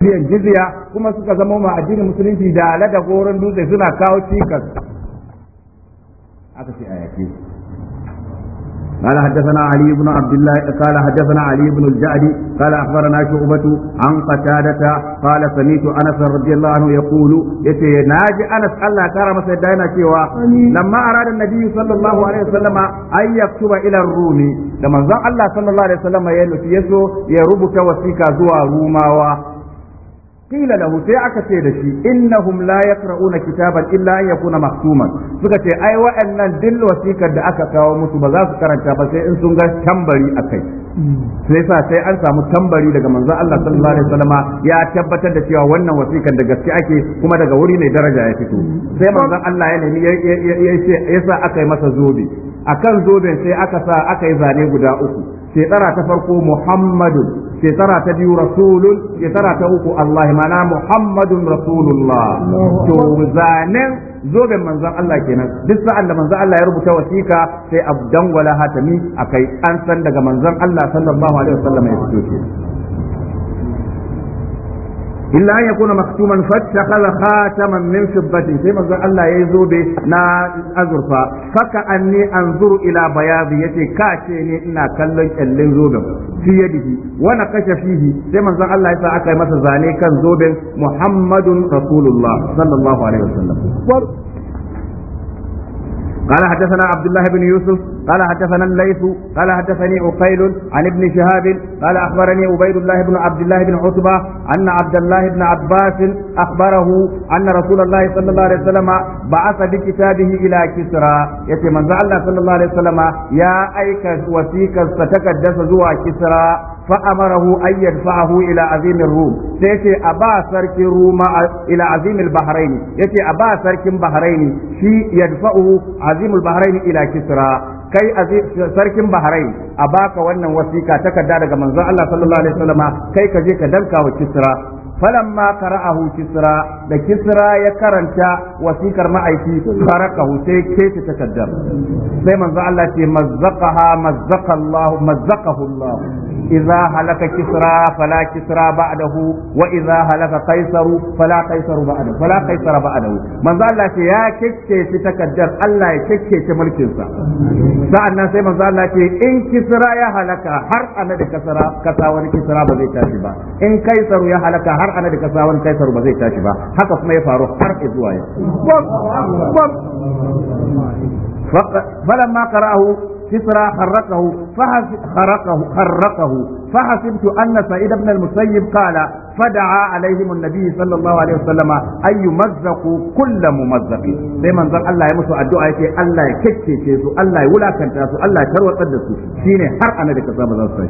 biyan jizya kuma suka zama ma addinin musulunci da alada goron dutse suna kawo cikas aka ce a yake قال حدثنا علي بن عبد الله قال حدثنا علي بن الجعد قال اخبرنا شعبة عن قتادة قال سمعت انس رضي الله عنه يقول يتي ناجي انس الله كرم سيدنا شيوا لما اراد النبي صلى الله عليه وسلم ان يكتب الى الروم لما الله صلى الله عليه وسلم يلو يسو يربك وسيكا زوا روماوا qila lahu sai aka ce da shi innahum la yaqra'una kitaban illa an yakuna maktuman suka ce ai wa'annan dil wasikar da aka kawo musu ba za su karanta ba sai in sun ga tambari akai sai sa sai an samu tambari daga manzo Allah sallallahu alaihi wasallama ya tabbatar da cewa wannan wasikar da gaske ake kuma daga wuri mai daraja ya fito sai manzo Allah ya nemi ya sa aka yi masa zobe akan zoben sai aka sa aka yi zane guda uku shekara ta farko muhammadun shekara ta biyu rasulun shekara ta uku Allah mana muhammadun rasulullah to zanen zoben manzan Allah kenan duk sa'an da manzon Allah ya rubuta wasiƙa sai a dangwala hatami akai an san daga manzan Allah sallallahu alaihi wasallam ya fito kenan illa an yakuna maktuman fattakhadha khataman min fiddatin sai manzo Allah yayi zobe na azurfa faka anni anzuru ila bayadi yace ka ce ne ina kallon ƙyallen zoben fi yadihi wa naqasha fihi sai manzo Allah yasa aka yi masa zane kan zoben Muhammadun Rasulullah sallallahu alaihi wasallam قال حدثنا عبد الله بن يوسف قال حدثنا الليث قال حدثني عقيل عن ابن شهاب قال اخبرني عبيد الله بن عبد الله بن عتبه ان عبد الله بن عباس اخبره ان رسول الله صلى الله عليه وسلم بعث بكتابه الى كسرى يتي من الله صلى الله عليه وسلم يا ايك وثيقا ستكدس زوا كسرى فأمره أن يدفعه إلى عظيم الروم سيتي أبا سرك روما إلى عظيم البحرين يتي أبا سرك بحرين شي يدفعه azimul bahrain ila kisra kai sarkin bahrain a baka wannan wasika takarda daga manzon Allah sallallahu alaihi wasallama kai ka je ka danka wa kisra فلما قرأه kisra da kisra ya karanta wasikar ma'aiki farakahu sai kece takaddar sai manzo Allah ce mazzaqaha mazzaqallahu mazzaqahu Allah idza halaka kisra fala kisra ba'dahu wa idza halaka qaisaru fala qaisaru ba'dahu fala qaisara ba'dahu manzo ya kekkece takaddar Allah ya kekkece mulkinsa. sa sa'annan sai manzo in kisra ya halaka har ana da kasara kasa ba zai tashi ba in kaisaru ya halaka har ana da kasa kaisaru ba zai tashi ba haka kuma ya faru har zuwa فلما قرأه كسرى خرقه خرقه خرقه فحسبت أن سعيد بن المسيب قال فدعا عليهم النبي صلى الله عليه وسلم أن يمزقوا كل ممزق لما انظر الله يمسو الدعاء يتي الله يكتشي كيسو الله يولا كنتاسو الله يتروى قدسو شيني حر أنا بك صابة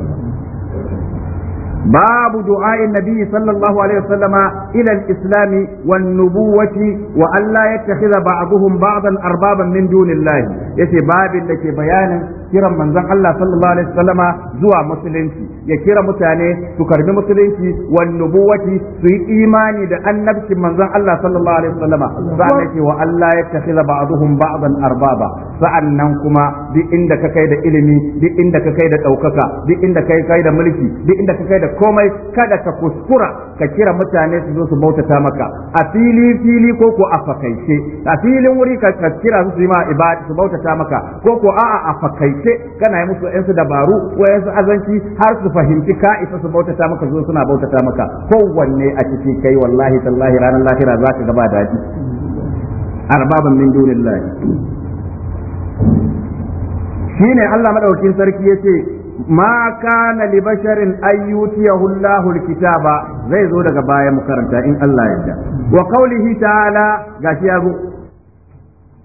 باب دعاء النبي صلى الله عليه وسلم إلى الإسلام والنبوة وأن لا يتخذ بعضهم بعضا أربابا من دون الله yace babin da ke bayanin kiran manzon Allah sallallahu alaihi wasallama zuwa musulunci ya kira mutane su karbi musulunci wa nubuwati su yi imani da annabcin manzon Allah sallallahu alaihi wasallama sa'an ce wa Allah ya takhila ba'dhum ba'dan arbaba Sa'an nan kuma duk inda ka kai da ilimi duk inda ka kai da daukaka duk inda ka kai da mulki duk inda ka kai da komai kada ka kuskura ka kira mutane su zo su bautata maka a fili fili ko ko a fakaice a filin wuri ka kira su su yi ma ibada su bautata maka ko ko a'a a fakaice aikace kana yi musu yansu dabaru ko azanci har su fahimci ka isa su bautata maka zo suna bautata maka kowanne a ciki kai wallahi tallahi ranar lahira za ka gaba daji arbabin min dunillahi shine Allah madaukakin sarki yace ma kana li basharin ayyutiyahu Allahul ba zai zo daga baya mu karanta in Allah ya yarda wa qawlihi ta'ala gashi ya zo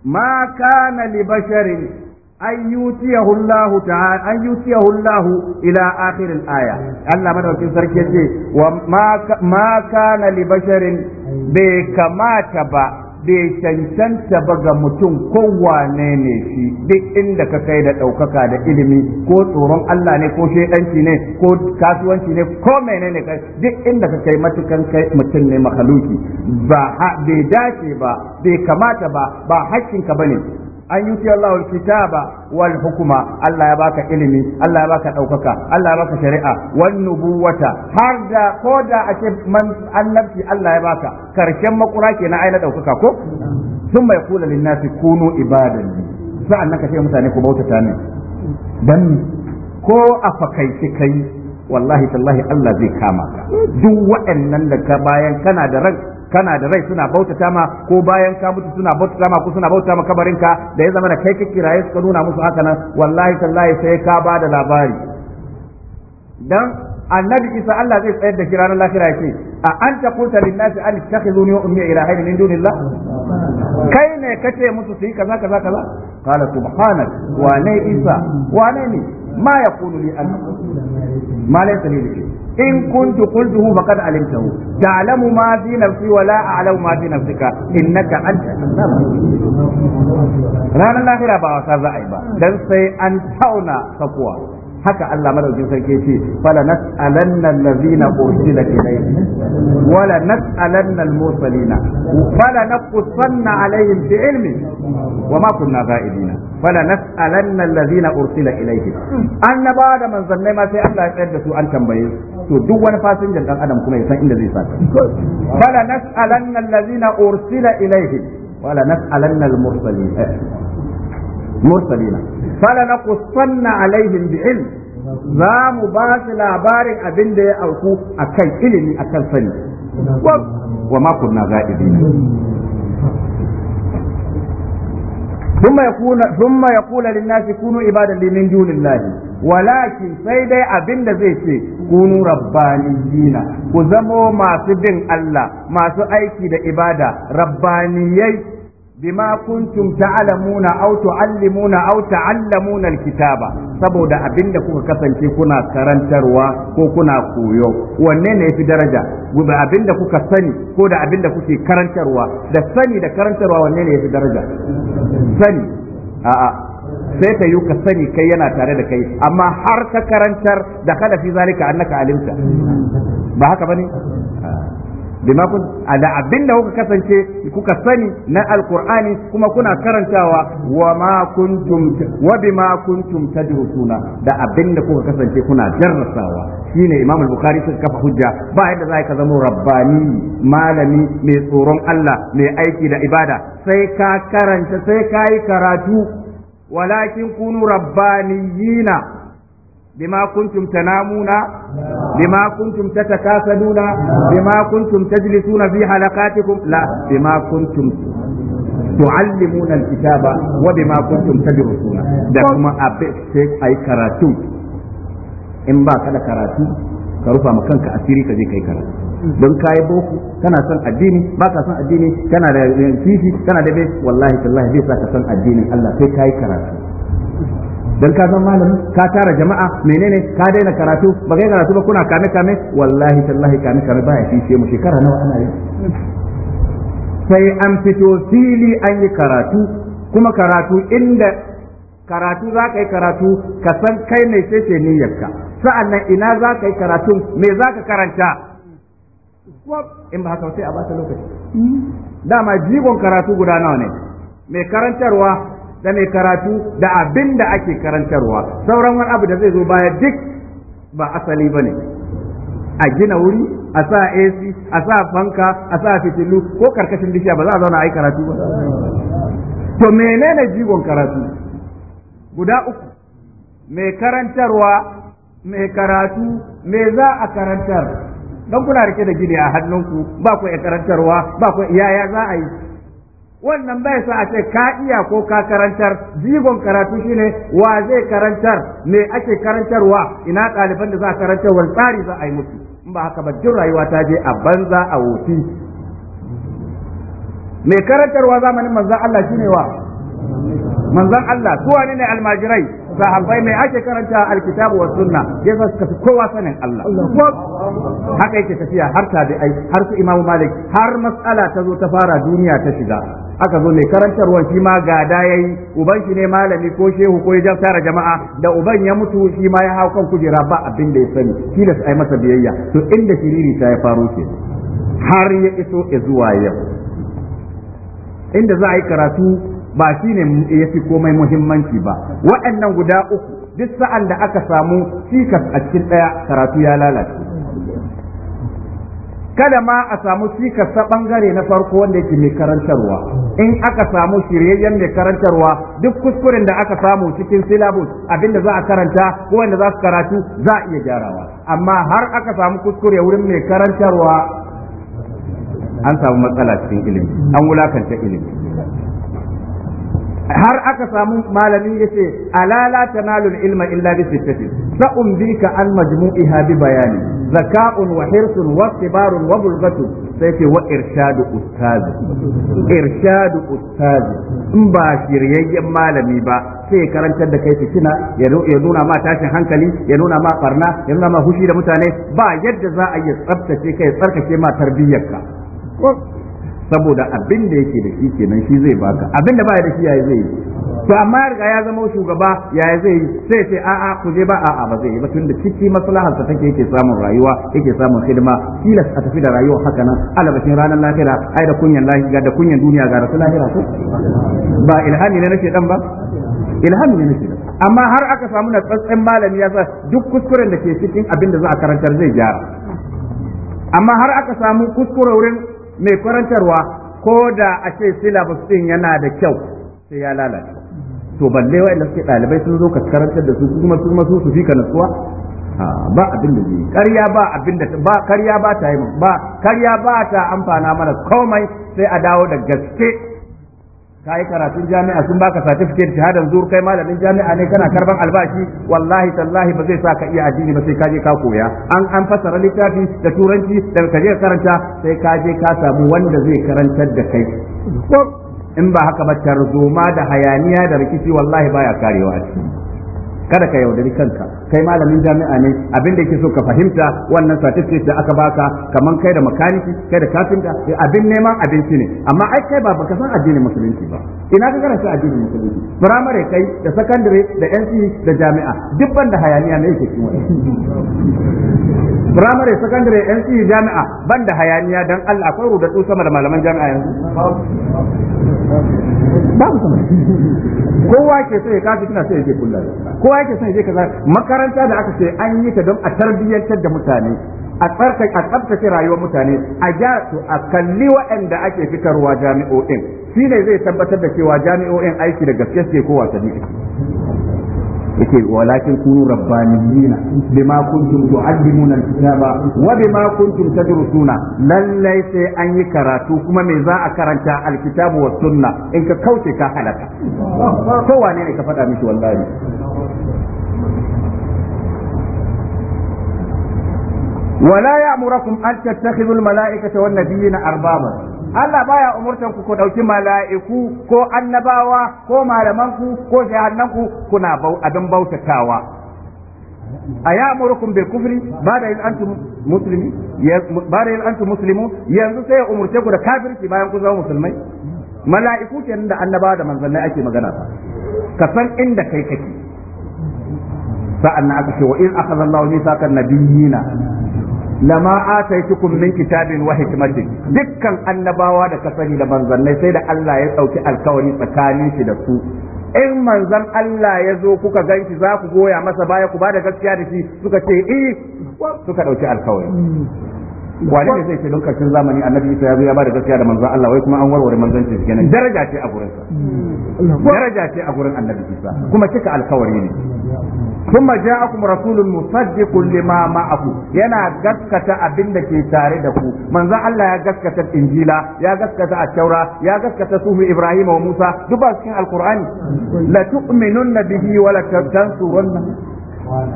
ma kana li basharin an yutiyahu Allah an ila akirin aya Allah madaukin sarki yace wa ma kana li basharin bai kamata ba bai cancanta ba ga mutum kowane ne shi duk inda ka kai da ɗaukaka da ilimi ko tsoron Allah ne ko shaidanci ne ko kasuwanci ne ko menene kai duk inda ka kai matukan kai mutum ne makaluki ba bai dace ba bai kamata ba ba hakkinka ne. an yuti Allahu kitaba wal hukuma Allah ya baka ilimi Allah ya baka daukaka Allah ya baka shari'a wan nubuwata har da ko da a ce man Allah ya baka karshen makura kenan ai na daukaka ko sun mai kula lin nasi kunu ibadan sa'an nan ka ce mutane ku bautata ne dan ko a fakaice kai wallahi tallahi Allah zai kama ka duk waɗannan da ka bayan kana da ran kana da rai suna bautata ma ko bayan ka mutu suna bautata ma ko suna bautata ma kabarin ka da ya zama da kai ka kiraye suka nuna musu haka nan wallahi tallahi sai ka ba da labari dan annabi isa Allah zai tsayar da shi ranar lahira yake a an ta kuta nasi an takhuzuni wa ummi ilahaini min dunillah kai ne kace musu su yi kaza kaza kaza qala subhanak wa ne isa wa ne ma yakunu li an ma laysa li in kuntu qultuhu faqad alimtahu ta'lamu ma fi nafsi wa la a'lamu ma fi nafsika innaka anta ranar lahira ba wasa za a yi ba dan sai an tauna sakuwa haka Allah madaukin sarki ce fala nas'alanna allazina ursila ilayhim wala nas'alanna al-mursalina fala naqussanna alaihim bi ilmi wa ma kunna ghaibina fala nas'alanna allazina ursila ilayhim annabawa da manzannai ma sai Allah ya tsayar da su an tambaye su to duk wani fasinjan dan adam kuma ya san inda zai sa fala nas'alanna allazina ursila ilaihim wala nas'alanna al-mursalin eh, mursalina fala naqussanna alaihim bi'ilm za mu ba su labarin abin da ya auku akan ilimi akan sani wa ma kunna ga'ibina ثم يقول ثم يقول للناس كونوا عبادا لي من دون الله walakin sai dai abin da zai ce kunu rabbaniyina ku zamo masu bin Allah masu aiki da ibada rabbaniyai bima kuntum ta'lamuna aw tu'allimuna aw ta'allamuna alkitaba saboda da kuka kasance kuna karantarwa ko kuna koyo wanne ne yafi daraja abin da kuka sani ko da abin da kuke karantarwa da sani da karantarwa wanne ne yafi daraja sani a'a sai ka yi ka sani kai yana tare da kai amma har ka karantar da kada fi zalika annaka alimta ba haka bane bima kun da abinda kuka kasance kuka sani na alqur'ani kuma kuna karantawa wa ma kuntum wa bima kuntum tadrusuna da abinda kuka kasance kuna jarrasawa shine imam al-bukhari suka kafa hujja ba yadda za ka zama rabbani malami mai tsoron Allah mai aiki da ibada sai ka karanta sai ka yi karatu walakin kunu rabbaniyina بما كنتم تنامون بما كنتم تتكاسلون بما كنتم تجلسون في حلقاتكم لا بما كنتم تعلمون الكتاب وبما كنتم تدرسون da kuma abin sai ai karatu in ba ka da karatu ka rufa ma kanka asiri ka je kai karatu don kayi boko kana son addini ba ka son addini kana da fifi eh, kana da bai wallahi tallahi zai sa ka son addinin Allah sai kayi karatu dan ka zama malami ka tara jama'a menene ka daina karatu ba kai karatu ba kuna kame kame wallahi tallahi kame kame ba ya fi fice mu shekara nawa ana yi sai an fito fili an yi karatu kuma karatu inda karatu za ka yi karatu ka san kai mai ce niyyarka sa'an nan ina za ka yi karatun me za ka karanta in ba haka sai a bata lokaci hmm. dama jigon karatu guda nawa ne mai karantarwa da mai karatu da abin da ake karantarwa sauran wani abu da zai zo baya duk ba asali ba ne a gina wuri a sa AC a sa fanka a sa fitilu ko karkashin bishiya ba za a zauna a yi karatu ba to menene jibon karatu guda uku mai karantarwa mai karatu me za a karantar don kuna rike da gini a hannunku ba ku iya karantarwa ba ku yaya za a yi wannan bai sa a ce ka iya ko ka karantar jigon karatu shine wa zai karantar me ake karantarwa ina ɗaliban da za a karantar wani tsari za a yi musu in ba haka ba jin rayuwa ta je a banza a wofi me karantarwa zamanin manzan Allah shine wa manzon Allah su wane ne almajirai sahabbai mai ake karanta alkitabu wa sunna ya za su kafi kowa sanin Allah haka yake tafiya har tabi'ai har su imamu malik har matsala ta zo ta fara duniya ta shiga aka zo mai karantarwa shi ma gada yayi uban shi ne malami ko shehu ko ya tara jama'a da uban ya mutu shi ma ya hau kan kujera ba abin da ya sani tilas ai masa biyayya to inda shiriri ta ya faro ke har ya iso zuwa yau inda za a yi karatu ba shi ne ya fi komai muhimmanci ba waɗannan guda uku duk sa'an da aka samu cikas a cikin ɗaya karatu ya lalace kada ma a samu cikas ta ɓangare na farko wanda yake mai karantarwa in aka samu shiryayyen mai karantarwa duk kuskuren da aka samu cikin syllabus abinda za a karanta ko wanda za su karatu za a iya gyarawa amma har aka samu kuskure wurin mai karantarwa an samu matsala cikin ilimi an wulakanta ilimi har aka samu malami ya ce ala la tanalu ilma illa bi sittati sa umdika an majmu'iha bi bayani zaka'un wa hirsun wa kibarun wa bulghatu sai ce wa irshadu ustazi irshadu ustazi in ba shiryayyen malami ba sai ya karantar da kai fitina ya nuna ma tashin hankali ya nuna ma barna ya nuna ma hushi da mutane ba yadda za a yi tsabtace kai tsarkake ma tarbiyyarka saboda abin da yake da shi kenan shi zai baka abin da baya da shi yayi zai yi to amma riga ya zama shugaba yayi zai yi sai sai a a kuje ba a a ba zai yi ba tunda ciki maslahar sa take yake samun rayuwa yake samun hidima tilas a tafi da rayuwa haka nan alabacin ranar lahira ai da kunyan lahira da kunyan duniya ga rasul lahira ko ba ilhami ne na dan ba ilhami ne na amma har aka samu na tsatsen malami ya sa duk kuskuren da ke cikin abin da za a karantar zai gyara amma har aka samu kuskure wurin mai kwarantarwa ko da a ce syllabus din yana da kyau sai ya lalace to balle wa'anda suke ɗalibai sun zo ka karantar da su kuma su su su fika nasuwa ba abin da zai ƙarya ba abin da ba ƙarya ba ta yi ba ƙarya ba ta amfana mana komai sai a dawo da gaske ka yi karatun jami'a sun baka certificate shahadar zuwa kai malamin jami'a ne kana karban albashi wallahi tallahi ba zai sa ka iya addini ba sai kaje ka koya an an fasara littafi da turanci da kaje ka karanta sai ka je ka samu wanda zai karantar da kai in ba haka ba tarzoma da hayaniya da rikici wallahi baya karewa ciki kada ka yaudari kanka kai malamin jami'a ne abin da yake so ka fahimta wannan certificate da aka baka kaman kai da makaniki kai da kafinta eh, abin neman abinci ne amma ai kai ba baka san addinin musulunci ba ina ka karanta addinin musulunci primary kai da secondary da NC da jami'a duk banda hayaniya ne yake cikin primary secondary NC jami'a banda hayaniya dan Allah akwai rudatu sama da malaman jami'a yanzu babu sama kowa ke so ya kafi kina sai ya je kullum kowa ke so ya je kaza maka makaranta da aka ce an yi ta don a tarbiyyantar da mutane a tsarkake rayuwar mutane a ja su a kalli waɗanda ake fitarwa jami'o'in shi ne zai tabbatar da cewa jami'o'in aiki da gaske suke ko wasanni yake walakin kunu rabbaniyina bima kuntum tu'allimuna alkitaba wa bima kuntum tadrusuna lallai sai an yi karatu kuma me za a karanta alkitabu wa sunna in ka kauce ka halaka to wane ne ka faɗa miki wallahi wala ya'murakum an tattakhidhu al-mala'ikata wan nabiyina arbaba Allah baya umurtan ku ku dauki mala'iku ko annabawa ko malaman ku ko shahannan ku kuna abin bautatawa a ya'murukum bil kufri bada in antum muslimi bada in antum muslimun yanzu sai ya umurce ku da kafirci bayan ku zama musulmai mala'iku nan da annabawa da manzanni ake magana ka san inda kai kake sa'an aka ce wa in akhadha Allahu mithaqan nabiyina lama ataitukum min kitabin wa hikmatin dukkan annabawa da ka sani da manzannai sai da Allah ya dauki alkawari tsakanin shi da su in manzan Allah ya zo kuka ganki za ku goya masa baya ku bada gaskiya da shi suka ce eh suka dauki alkawari wani ne zai ce don zamani annabi Isa ya zo ya bada gaskiya da manzan Allah wai kuma an warware manzancin shi kenan daraja ce a gurin sa hmm. daraja ce a gurin annabi Isa kuma kika alkawari ne ثم جاءكم رسول مصدق لما معه ينا غسكتا ابين da ke tare da ku manzon Allah ya gaskata injila ya gaskata at-taura ya gaskata suhu ibrahim wa musa duk ba cikin alqur'ani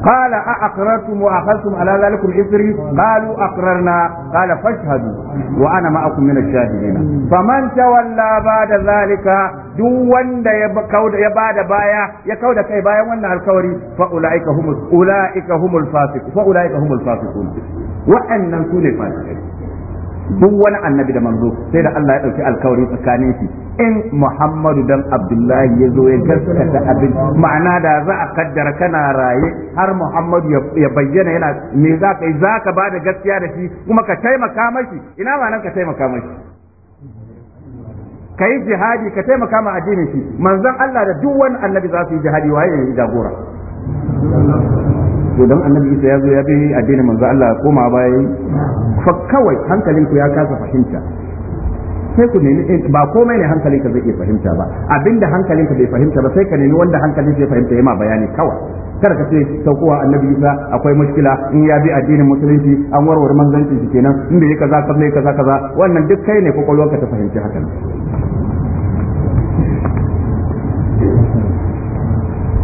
قال أأقررتم وأخذتم على ذلكم إثري قالوا أقررنا قال فاشهدوا وأنا معكم من الشاهدين فمن تولى da ذلك duk wanda ya bada baya ya kauda kai bayan wannan alkawari fa ulaika humul ulaika humul fasiqun fa ulaika humul fasiqun sune duk wani annabi da manzo sai da Allah ya dauki alkawari tsakanin shi in Muhammadu dan Abdullahi ya zo ya gaskata abin ma'ana da za a kaddara kana raye har Muhammadu ya bayyana yana me za ka yi za ka ba da gaskiya da shi kuma ka taimaka mashi ina ma nan ka taimaka mashi ka jihadi ka taimaka ma addinin shi manzon Allah da duk wani annabi za su yi jihadi waye ya yi jagora to dan annabi Isa ya zo ya bi addinin manzo Allah koma baya fa kawai hankalinku ya kasa fahimta sai ku nemi eh, ba komai ne ka zai iya fahimta ba abinda ka bai fahimta ba sai ka nemi wanda hankalinka ya fahimta ya ma bayani kawai Kar ka ce saukowa annabi isa akwai mushkila in ya bi addinin musulunci an warware manzanci shi kenan in da kaza kaza kaza kaza wannan duk kai ne kwakwalwarka ta fahimci hakan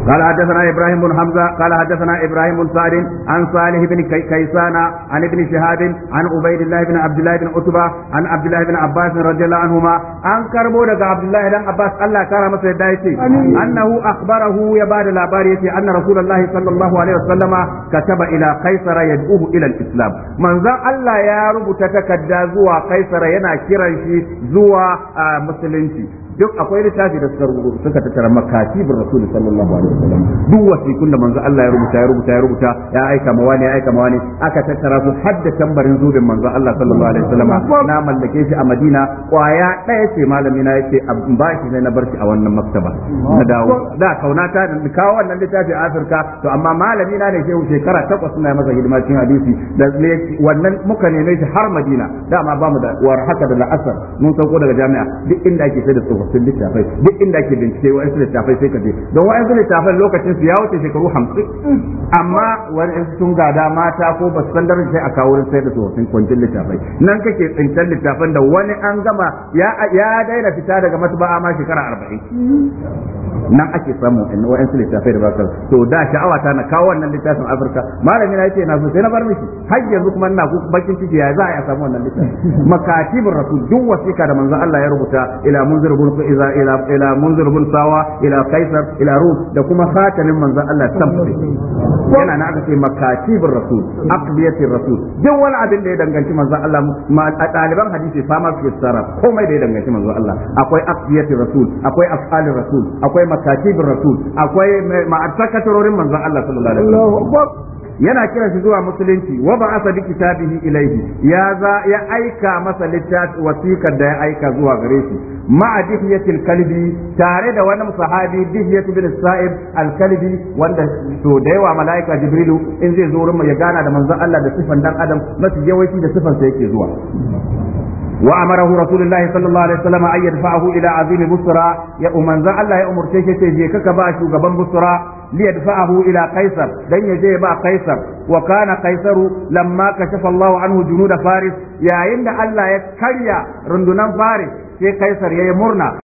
قال حدثنا ابراهيم بن حمزه قال حدثنا ابراهيم بن سعد عن صالح بن كيسان عن ابن شهاب عن عبيد الله بن عبد الله بن عتبه عن عبد الله بن عباس رضي الله عنهما عن كربو دغ عبد الله بن عباس الله كان مسا دايتي انه اخبره يا بعد الاباري ان رسول الله صلى الله عليه وسلم كتب الى قيصر يدعوه الى الاسلام من ذا الله يا رب تتكدا زوا قيصر yana kiran shi zuwa musulunci duk akwai littafi da suka rubuta suka tattara makatibin rasul sallallahu alaihi wasallam duk wasikun da manzo Allah ya rubuta ya rubuta ya rubuta ya aika ma wani ya aika ma wani aka tattara su har da tambarin zubin manzo Allah sallallahu alaihi wasallam na mallake shi a Madina kwaya daya ce malami na yace ba shi sai na bar shi a wannan maktaba na dawo da kaunata da kawo wannan littafi a Afirka to amma malami na ne shehu shekara takwas suna masa hidima cikin hadisi da wannan muka neme shi har Madina dama ba mu da war haka da la'asar mun sauko daga jami'a duk inda ake sai da tsoho tsofaffin littafai duk inda ake bincike wa'ansu littafai sai ka je don wa'ansu littafai lokacin su ya wuce shekaru hamsin amma wani wa'ansu sun gada mata ko ba su san darajar sai a kawo wurin sai da tsofaffin kwancin littafai nan kake tsintar littafan da wani an gama ya daina fita daga masu matuba'a ma shekara arba'in nan ake samu in wa'ansu littafai da bakar to da sha'awa ta na kawo wannan littafin Afirka malami na yace na so sai na bar miki har yanzu kuma ina ku bakin ciki ya za a samu wannan littafin makatibur rasul duk wasiƙa da manzon Allah ya rubuta ila munzir bin ila ila ila munzir bin sawa ila kaisar ila ruh da kuma khatamin manzon Allah samfi yana na aka ce makatibur rasul aqdiyatir rasul duk wani abin da ya danganci manzon Allah Ma ɗaliban hadisi fama su tsara komai da ya danganci manzon Allah akwai aqdiyatir rasul akwai af'alir rasul akwai makatibur rasul akwai ma'atakaturorin manzon Allah sallallahu alaihi wasallam yana kira shi zuwa musulunci wa ba asa bi kitabihi ilaihi ya za ya aika masa littafi wasiƙar da ya aika zuwa gare shi ma'a kalbi tare da wani sahabi dihiyatu bin sa'ib al kalbi wanda to da yawa malaika jibrilu in zai zo wurin ya gana da manzon Allah da sifan dan adam mafi yawanci da sifan sa yake zuwa وأمره رسول الله صلى الله عليه وسلم أن يدفعه إلى عظيم بصرى يا أمن الله يا أمر شيخ شيخ كباش وقبان liyadfa'ahu ila kaisar don ya je ba kaisar wakana kaisaru lamma kashafa Allahu anhu junuda faris yayin da Allah ya karya rundunan faris sai kaisar ya yi murna